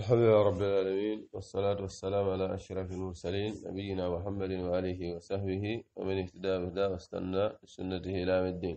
الحمد لله رب العالمين والصلاة والسلام على أشرف المرسلين نبينا محمد وآله وصحبه ومن اهتدى بهداه واستنى سنته إلى يوم الدين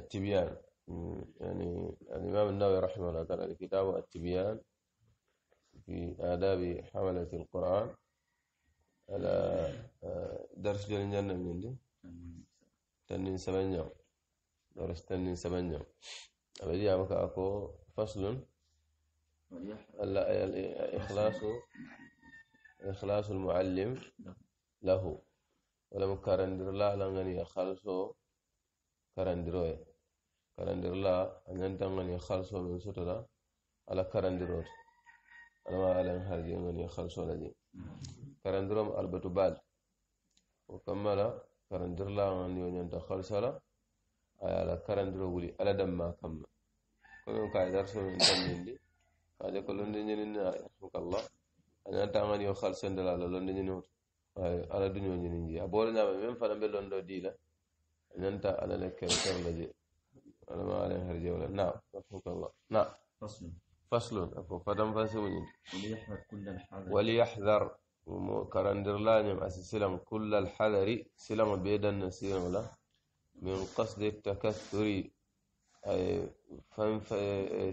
التبيان يعني الإمام النووي رحمه الله قال الكتاب التبيان في آداب حملة القرآن على آه، درس جل جنة من عندي تنين يوم درس تنين يوم أبدي أمك أكو فصل لا الإخلاص نعم. إخلاص المعلم له ولم كارندر لا لغني خالصو كارندروي كارندر لا أن تغني خالصو من سطرة على كارندروت أنا ما أعلم هذه غني خالصو لدي نعم. كارندروم ألبتو بال وكمل كارندر لا غني ونجنت خالصو لا على كارندرو ولي على دم ما كمل كم يوم كايدر سو من ale ko londe ñininde hasbukallah añantaŋani yo hal sendela la londe ñinioto ala ni ñinin je a boole ñama même fana be londo diila añanta ala le ker kerla je alama alen herjewla na hasbukallah na فصل أكو فدم فاسوني وليحذر كل الحذر وليحذر كرندر لانم أسسلم كل الحذر سلم بيدن سلم له من قصد التكثر aye fan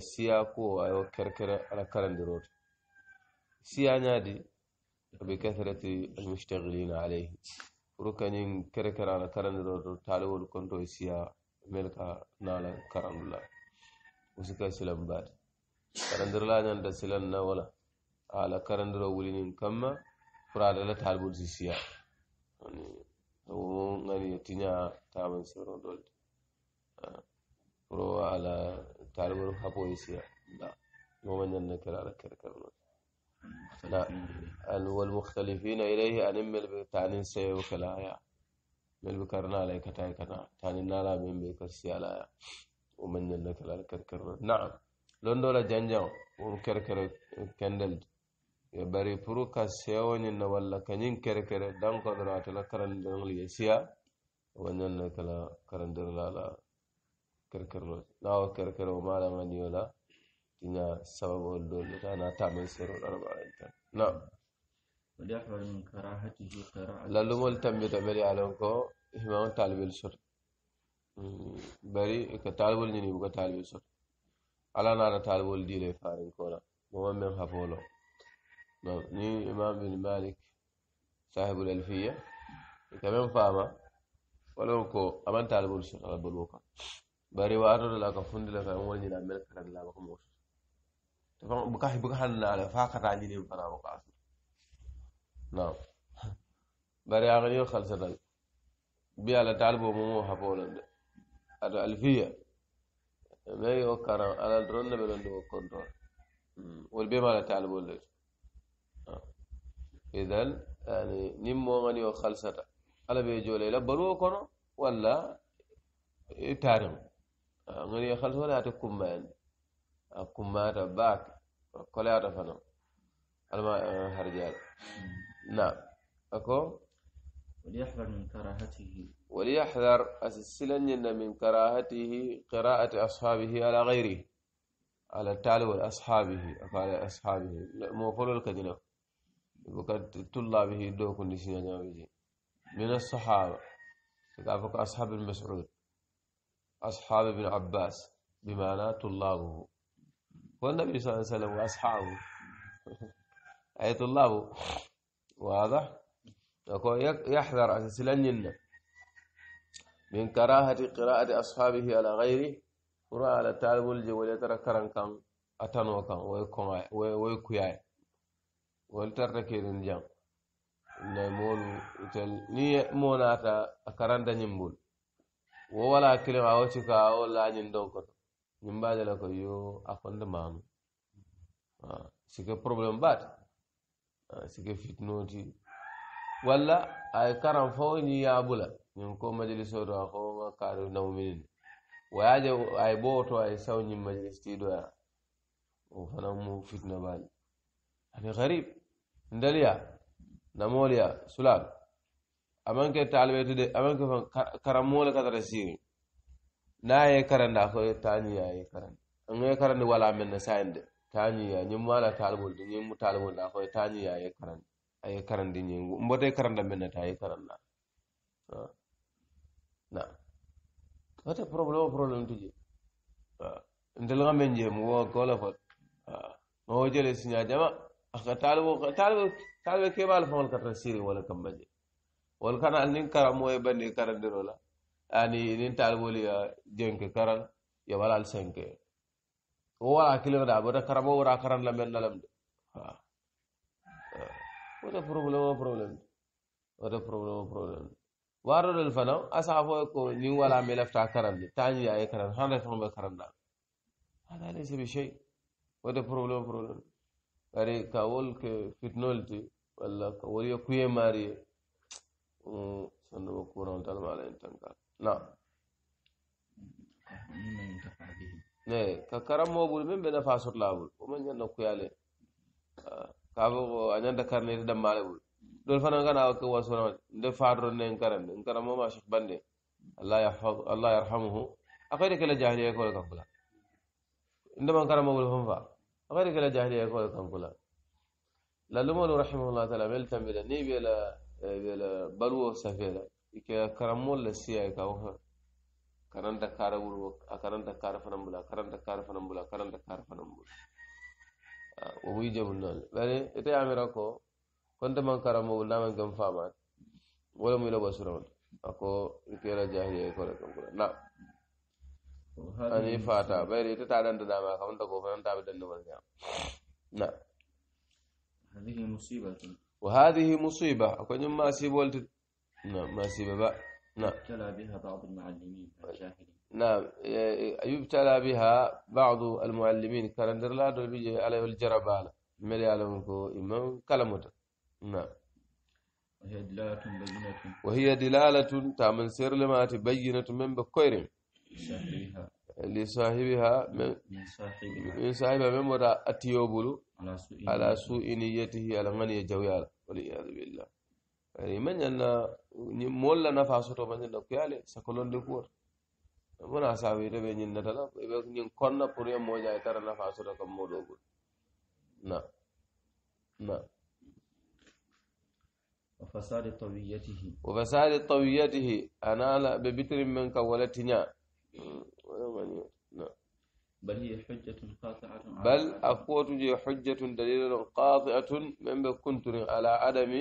siya ko ayo kerkere ala karandiroto siya ñaadi be kasrati almustagilina alayhi pour kañin kerekere ala karandiroto taaliwol konto e siya mel ka naala karandula usika silan baati karandirla ñanta silan na wala ala karandiro wulinin kamma pour adala taalibol si siya wo ngani tiña taman siron dolde pro ala talibar hapo isiya لا مو من النكر على كر kala لا والمختلفين إليه أن مل بتانين سيو كلايا مل بكرنا عليه كتاي كنا تاني نالا من بكرسي على ومن على كر كركر نعم لون دولا جنجاو كر كندل يبري برو كسيو نوالا ولا كنين كر دم قدرات لا دنغلي يسيا ومن النكر كلا كرن دنغلا kerkerol nawa kerkere o malamani yola ina sababol dol ta na tamen serol araba alta na lallumol tambita bari alon ko himawon talibel sot bari ka talibol ñini buka talibel sot ala nata talibol dile farin kola momon men hafolo ni imam bin malik sahibul alfiya ka men fama walon ko aman talibol sot alabol wokan bari wa waɗoɗo la ka la ka mo la mel karan la ko mo to fa bu ka hi bu ka hanna ala fa ka tani ni fara ko asu na bari a gani sa dal bi ala talbo mo mo ha bolan de ado alfiya be yo kara ala dron ne belon do kontrol wol be mala talbo le idan yani mo ngani yo khalsata ala be jole la baro kono walla tarim ngol ye khalso la ta kumman akummata baak kolata fana alma eh, harjal na ako وليحذر من كراهته وليحذر أسسلن من كراهته قراءة أصحابه على غيره على التالو والأصحابه على أصحابه موفر الكدنة وقد طلابه دوكن نسينا من الصحابة كافك أصحاب المسعود أصحاب ابن عباس بمعنى طلابه والنبي صلى الله عليه وسلم وأصحابه أي طلابه واضح يقول يحذر أن سلنين من كراهة قراءة أصحابه على غيره قراءة على طالب الجوال يتركرن كان أتنو كان آية، ويكوياي ولتركيرن جان نمول ني موناتا أكران دنيمبول wo wala kilima wo cika wo lañin dow koto ñim mbaade la ko yo a fonde maamu sike probléme baata sike fitnooti walla ay karam fo ñi yaabula ñin ko majalisoto a fowma kaari nawminin wayaje ay bowoto ay saw ñim majalis tiidoya o fana mu fitna baali ani garib ndaliya namooliya sulaal aman ke talibetu de aman ke karamola katara siri na ye karanda ko tani ya ye karanda an ye karanda wala men na sayin de tani ya nyum wala talibol de nyum talibol da ko tani ya ye karanda ay karandi nyingu mbote karanda men na tayi karanda na kata problem problem tuje ndel ga men je mo ko la fa mo jele sinya jama ka talibo talibo talibo kebal fon katara siri wala kambaje wol kana anniŋ karamoye bandi karandiro la ani niŋ taalibolu ya jenke karaŋ ye wala al senke wo wala kiliŋo da bota karamo wora karaŋ la meŋ na lem de wote problème o problème wote problème o problème waarodol fanaŋ asa fo ko ñiŋ wala mi lafta karandi tañi ya ye karan hande faŋ be karanda hada laysa bi shay wote problème o problème bari ka wol ke fitnol ti walla ka wol ye kuye maariye صندوق كورة والتعلم على إنتان قال نعم ne ka karammo ɓuri min ɓe nafa sot laawol oman ñanno kuyale kaabo a ñanda karnede dammale ɓuri ɗon fana gana ke wasorama nde fatoron ne en karande en karamoma chekh bande allah yarhamuhu akoyde kela jahiliya ekole kankula ndeman karamo ɓuri fon fa akoyde kela jahiliya ekole kankula lalumolu rahimahullah taala mel tambida ni ɓela bela baluwo safela ike karamol la siya ka wo karanta kara wuro a karanta kara bula karanta kara fanan bula karanta kara fanan bula wo wi jabul non bari ite amira ko konta man karamo wala man gam fama wala mu la basura ako ike la jahiliya ko la kambula na ani fata bari ite ta dan da ma kamanta ko fanan ta bi dan no wala na هذه مصيبة وهذه مصيبة أكون ما أسيب ولد نعم ما أسيب بقى نعم ابتلى بها بعض المعلمين نعم يبتلى بها بعض المعلمين كان لا بيجي عليه الجربالة ملي على منكو إمام كلمته نعم وهي دلالة بينة وهي دلالة تعمل سير لما تبينة من بكوير لصاحبها لصاحبها من, من صاحبها من صاحبها من وراء أتيوبلو على سوء نيته على من يجوي والعياذ بالله يعني من يلا مولا نفع سوتو من يلا كيالي سكولون دكور muna sabi rebe ñin natala ɓe ñin konna pour ye moja e tara nafa sota kam moɗo ɓol na وفساد طويته وفساد طويته أنا لا ببتر من كولتنا بل هي حجة قاطعة بل أفوت جي حجة دليل قاطعة من كنت على عدم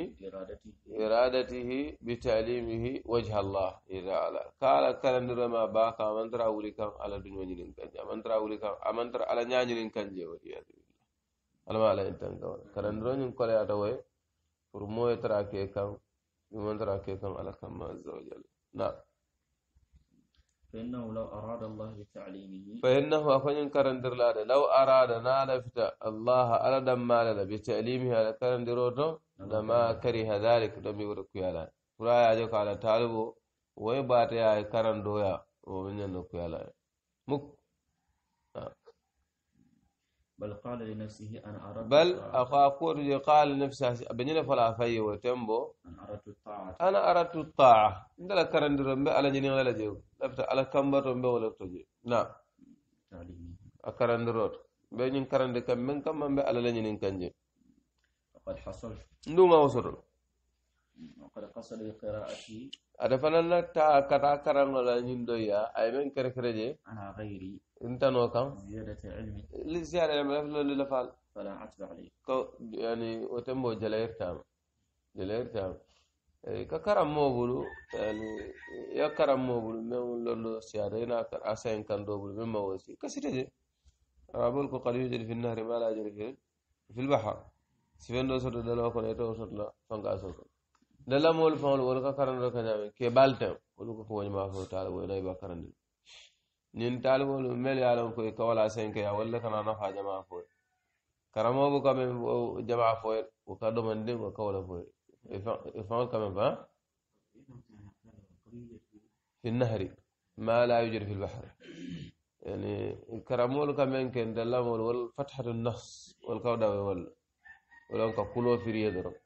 إرادته, بتعليمه وجه الله إذا على قال كلام رما باكا من ترى ولك على الدنيا نين كان من ترى ولك من ترى على نيا نين كان جي ولي ما على إنتان كمان كلام رما نين يا توي فرموه ترى كي كم من ترى كي على كم عز وجل نعم فإنه لو أراد الله بتعليمه فإنه أفن كرندر لا لو أراد نالفت الله على دمال بتعليمه على كرندر لما كره ذلك لم يورك يالا ولا يجوك على طالبه ويباتي كرندويا ومن ينك يالا مك آه. بل قال لنفسه أنا أردت بل أخاكور قال لنفسه بنينا فلا في وتمبو أنا أردت الطاعة أنا أردت الطاعة دل كرند رمبي على جنين على جو لفت على كمبر رمبي ولا تجي نعم تعليمي أكرند رود بين كرند كم من كم من على لجنين كنجي وقد حصلت نو ما وصل وقد قصد قراءتي ada fana na ta kata karan wala nyin doya ay men kere kere je ana ghairi inta no kam ziyadati ilmi li ziyada ilmi la la fal fala atba ali ko yani o tembo jalair tam jalair tam ka karam mo bulu yani ya karam mo bulu men lollo siyada ina kar asain kan do bulu men mawasi kasite je rabul ko qali yajri fi an-nahr ma la yajri fi al-bahr sifendo sodo dalo ko ne to sodo fanga sodo dala moolu faŋolu wolu ka karandiro ka ñaamiŋ keebaalu teŋ wolu ko kowoñumaa fo taalibo ila i ba karandi ñiŋ taaliboolu melu ye a loŋ ko i ka wala senkeya wolu le kana nafaa jamaa fo ye karamoo buka meŋ jamaa fo ye wo ka domondiŋ wo ka wo le fo ye i faŋolu ka meŋ fa fi nnahri ma la yujiri fi lbahri yani karamoolu ka meŋ ke dallamoolu wol fathatu nafs wolu ka dawe wolu woloŋ ka kuloo firiye doroŋ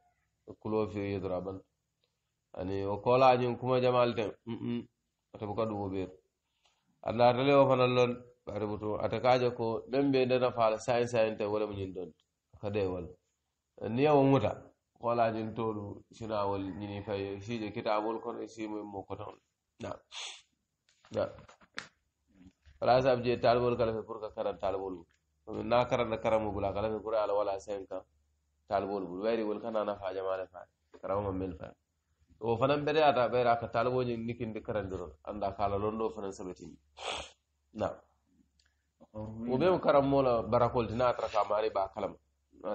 kulo fi yedraban ani o kolajin kuma jamalte ata buka duwo ɓeeru allah atale o fana lon bari butu ata kaje ko ɗen ɓe ndena faala sayin sayinte wala mo ñin ɗon kade wala niya wo muta kolajin tolu sinawol ñini faye siije kitabol kono e simoye mo koton na na wala sab je talibol kala fe pour ka karan talibol na karanta karan mo bula kala fe pour ala wala sayin taalibol bulu bayri wol kana na faaja maale faare karawma mel faare o fanan bereyata ɓeyra ka taaliboji nikinde karandirol annda kaala londo fanan sabetini na o ɓe mo karammola barakol tina atara ka maari ba a kalama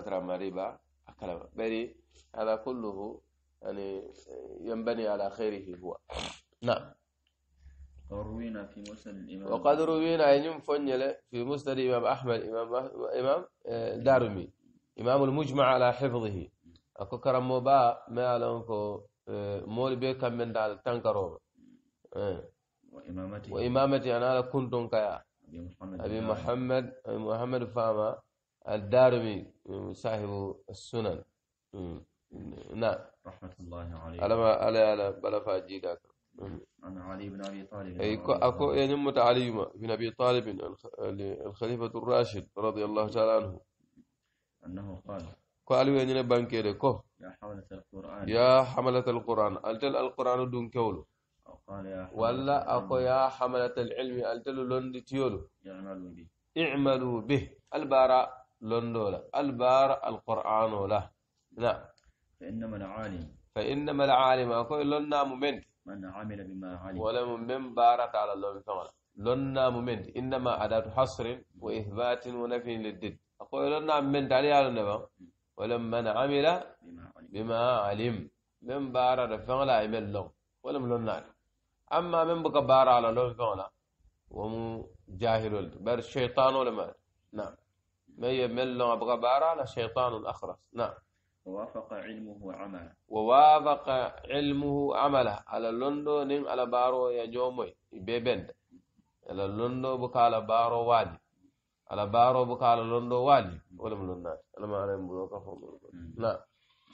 atara maari ba a kalama ɓayri hada kulluhu yani yanbani ala hayrihi huwa na وروينا في مسند الإمام وقد روينا أن ينفن في مسند الإمام أحمد إمام إمام دارمي إمام المجمع على حفظه أكو كرم مبا ما لونكو آه، مول بي من دال تنكرو آه. وإمامتي وإمامتي أنا على كنتم كيا أبي محمد ابي محمد فاما الدارمي آه، صاحب السنن نعم رحمة الله عليه على على على بلا فاجيدا عن علي بن ابي طالب اي اكو يعني مت علي بن ابي طالب الخليفه الراشد رضي الله تعالى عنه أنه قال قالوا يعني بانكير كو يا حملة القرآن يا حملة القرآن ألتل القرآن دون كولو ولا أكو يا حملة العلم ألتل لون تيولو اعملوا به اعملوا به البارا لندولا البار القرآن ولا لا نعم. فإنما العالم فإنما العالم أقول لنا ممن من عمل بما علم ولا مؤمن بارت على الله فمن لنا ممنت إنما أداة حصر وإثبات ونفي للدد أقول لنا ممنت علي على النبا ولما عمل بما علم من بارا فعلا عمل لهم ولم لنا أما من بك بارا على لهم فعلا ومو جاهل بر الشيطان ولما نعم ما يمل لهم أبغى بارا على شيطان أخرس نعم ووافق علمه عملا ووافق علمه عمله على لندن على بارو يا جومي بيبند ela londo bukala baro wali ala baro bukala londo wali wala mulunna ala ma ala mbulo ka fo mm. na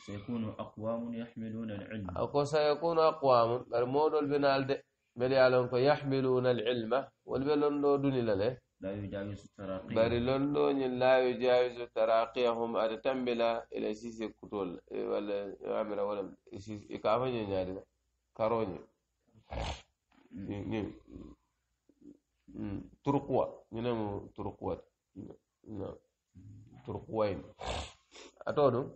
سيكون أقوام يحملون العلم أو سيكون أقوام المود البنال ده بري على يحملون العلم والبلون دو دوني لا يجاوز تراقيهم بري لون دون لا يجاوز تراقيهم أرتم بلا إلى سيس كتول ولا عمر ولا سيس إكافة نياري كاروني نعم turkuwa ñinemu turkuwa no turkuwayim ato ɗum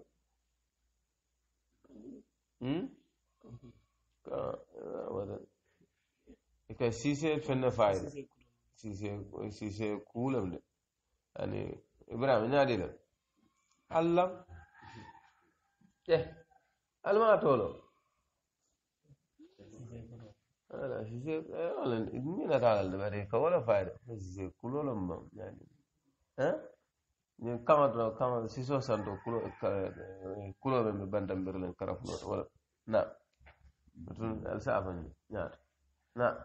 ka sise fenne fayida sise sise kuulam de ani ibrahima ñaadilem allah e alma tolo شجيك ولا مين على البريكة ولا فايدة شجيك كله لما يعني ها من يعني كما ترى كما سيسو سانتو كله كله من بندم برلين كرفلو ولا نعم بتقول السافن نعم يعني، نعم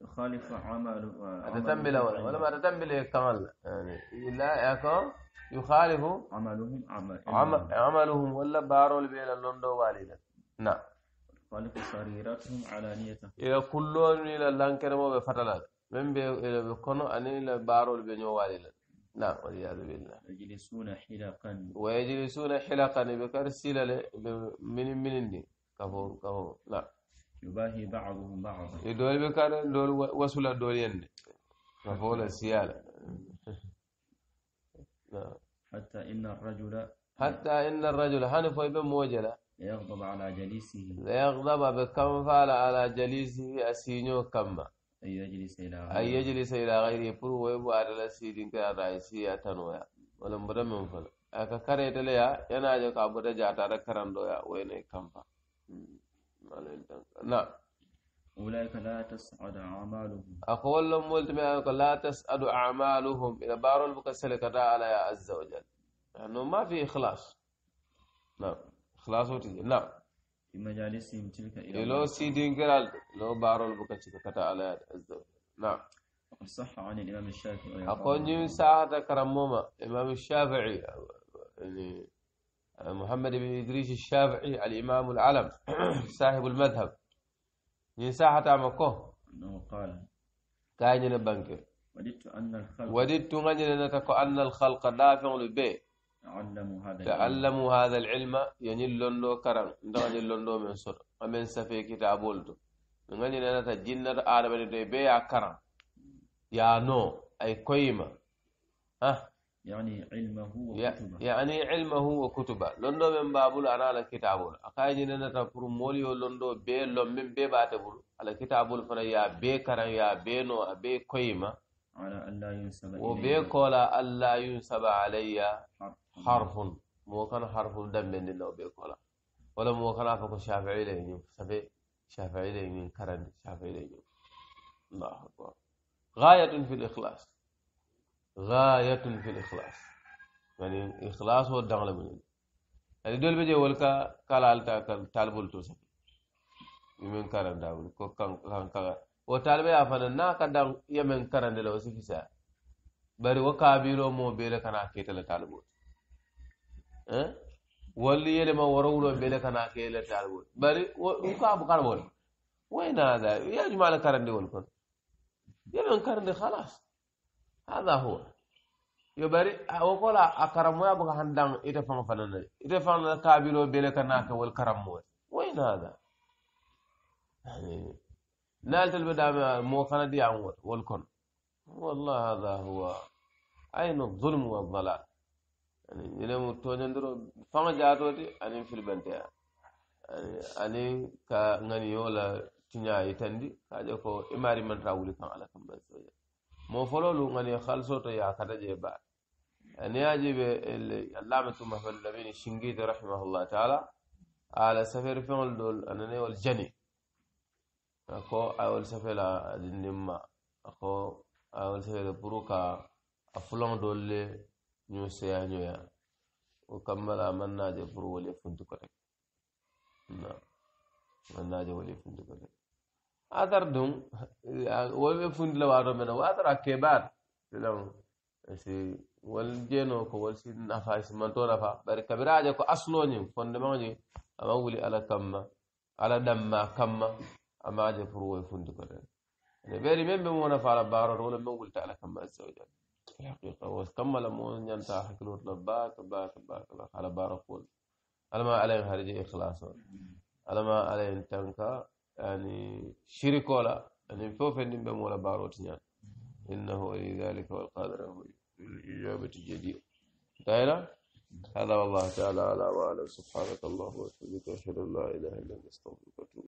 يخالف عمل أتتنبل ولا ولا ما أتتنبل إيه كمال يعني لا يكون يخالف عملهم عمل عملهم ولا بارول بين لندن والدك نعم خالق سريرتهم علانية إلى كلون إلى لانكر ما بفتلا من بكونوا أن إلى بارول بنيو والي نعم والعياذ بالله يجلسون حلقا ويجلسون حلقا بكرسيل من من دي كفو كفو لا نعم. يباهي بعضهم بعضا دول بكار دول وصل دول ين كفو السيالة نعم. حتى إن الرجل حتى إن الرجل هنفو يبن موجلة ليغضب على جليسه ليغضب بكم فعل على جليسه أسينو كما أي يجلس إلى غيره أن يجلس إلى غيره برو ويبو على السيدين كالرئيسية تنويا ولم بد من فلو aka kare ta laya yana je ka bude ja tare karan doya أولئك لا تسعد أعمالهم أقول لهم قلت لا تسعد أعمالهم إلى بارو البكسل كذا على يا عز وجل لأنه ما في إخلاص نعم خلاصو تي نعم في مجالسهم تلك إلى إيه، لو سيدين كرال لو بارول بكتشك كتا على نعم صح عن الإمام الشافعي أقول نيو ساعة كرموما إمام الشافعي يعني محمد بن إدريس الشافعي الإمام العلم صاحب المذهب نيو ساعة مكوه أنه قال كاين بنكر وددت أن الخلق وددت أن الخلق دافع لبيه تعلموا هذا تعلموا هذا العلم يعني لندو كران ندغني من سر أمن سفي كتاب ولد من غني ta jinnar arabe de يا كرم يا نو أي ay ها يعني علمه وكتبه يعني علمه وكتبه لندو من بابول انا على كتابول اكاي ننا تفر موليو لندو بي لوم من بي باتبول على كتابول فنا يا بي كران يا بي نو بي كويمة على الله ينسب وبي كولا الله ينسب علي حرف حرف موكان حرف دم من الله بيقولا ولا موكان أفق الشافعي لهن يعني سفي شافعي لهن كرن شافعي لهن الله أكبر غاية في الإخلاص غاية في الإخلاص يعني إخلاص هو الدغل من الله يعني دول بجي ولكا كالال تالبول توسف يمن كرن داول كوكان كان كان وطالبي أفنى ناكا دم يمن كرن دلو سفيسا بري وكابيرو مو بيرا كان أكيد واللي يلي ما ورولو بيلك أنا كيلة تعلمون بل وكاب كاربون وين هذا يا جماعة الكرندي والكل يلي كرندي خلاص هذا هو يبري وقول أكرم ويا بقى هندان يتفهم فنان يتفهم كابيلو بيلك أنا والكرم وين هذا يعني نالت البدا مو كان دي والكل والله هذا هو عين الظلم والضلال ñinemu toñandiro faŋa jaatoti aniŋ filibanteya aniŋ ka ŋaniyo la tiña yitandi ka je ko imari manta wuli kaŋ ala kam basa wajal mo fololu ŋaniyo halisoto ye kata je baa ani ye je be allamatu mahmadu lamini shingiti rahimahullah taala ala saferi feŋol dol anane wol jani ako awol safela adindinma ako awol safele pour ka a fuloŋ dol le ñoo seya ñoya o kammala mannaje pour wole funtukote na mannaje wole funtukote atar dum wolɓe fundila wato mena watara kebar silam si wol jeno ko wol si nafa simanto nafa bari kabiraje ko asloñin fondemaji ama wuli ala kamma ala ɗamma kamma amaje pour woye funtukote ne ɓe ri men ɓe mo nafa ala baror wala men wulta ala kamma azza wa jalla الحقيقة وكمل مون ينتا حكلور لباك باك باك باك على بارقول على ما عليهم هرجي إخلاص على ما عليهم تنكا يعني شركولا يعني فوف إن بمولا باروت نيان إنه لذلك والقادر الإجابة جدير دائرة هذا والله تعالى على وعلى سبحانك الله وبحمدك أشهد أن لا إله إلا أنت أستغفرك وأتوب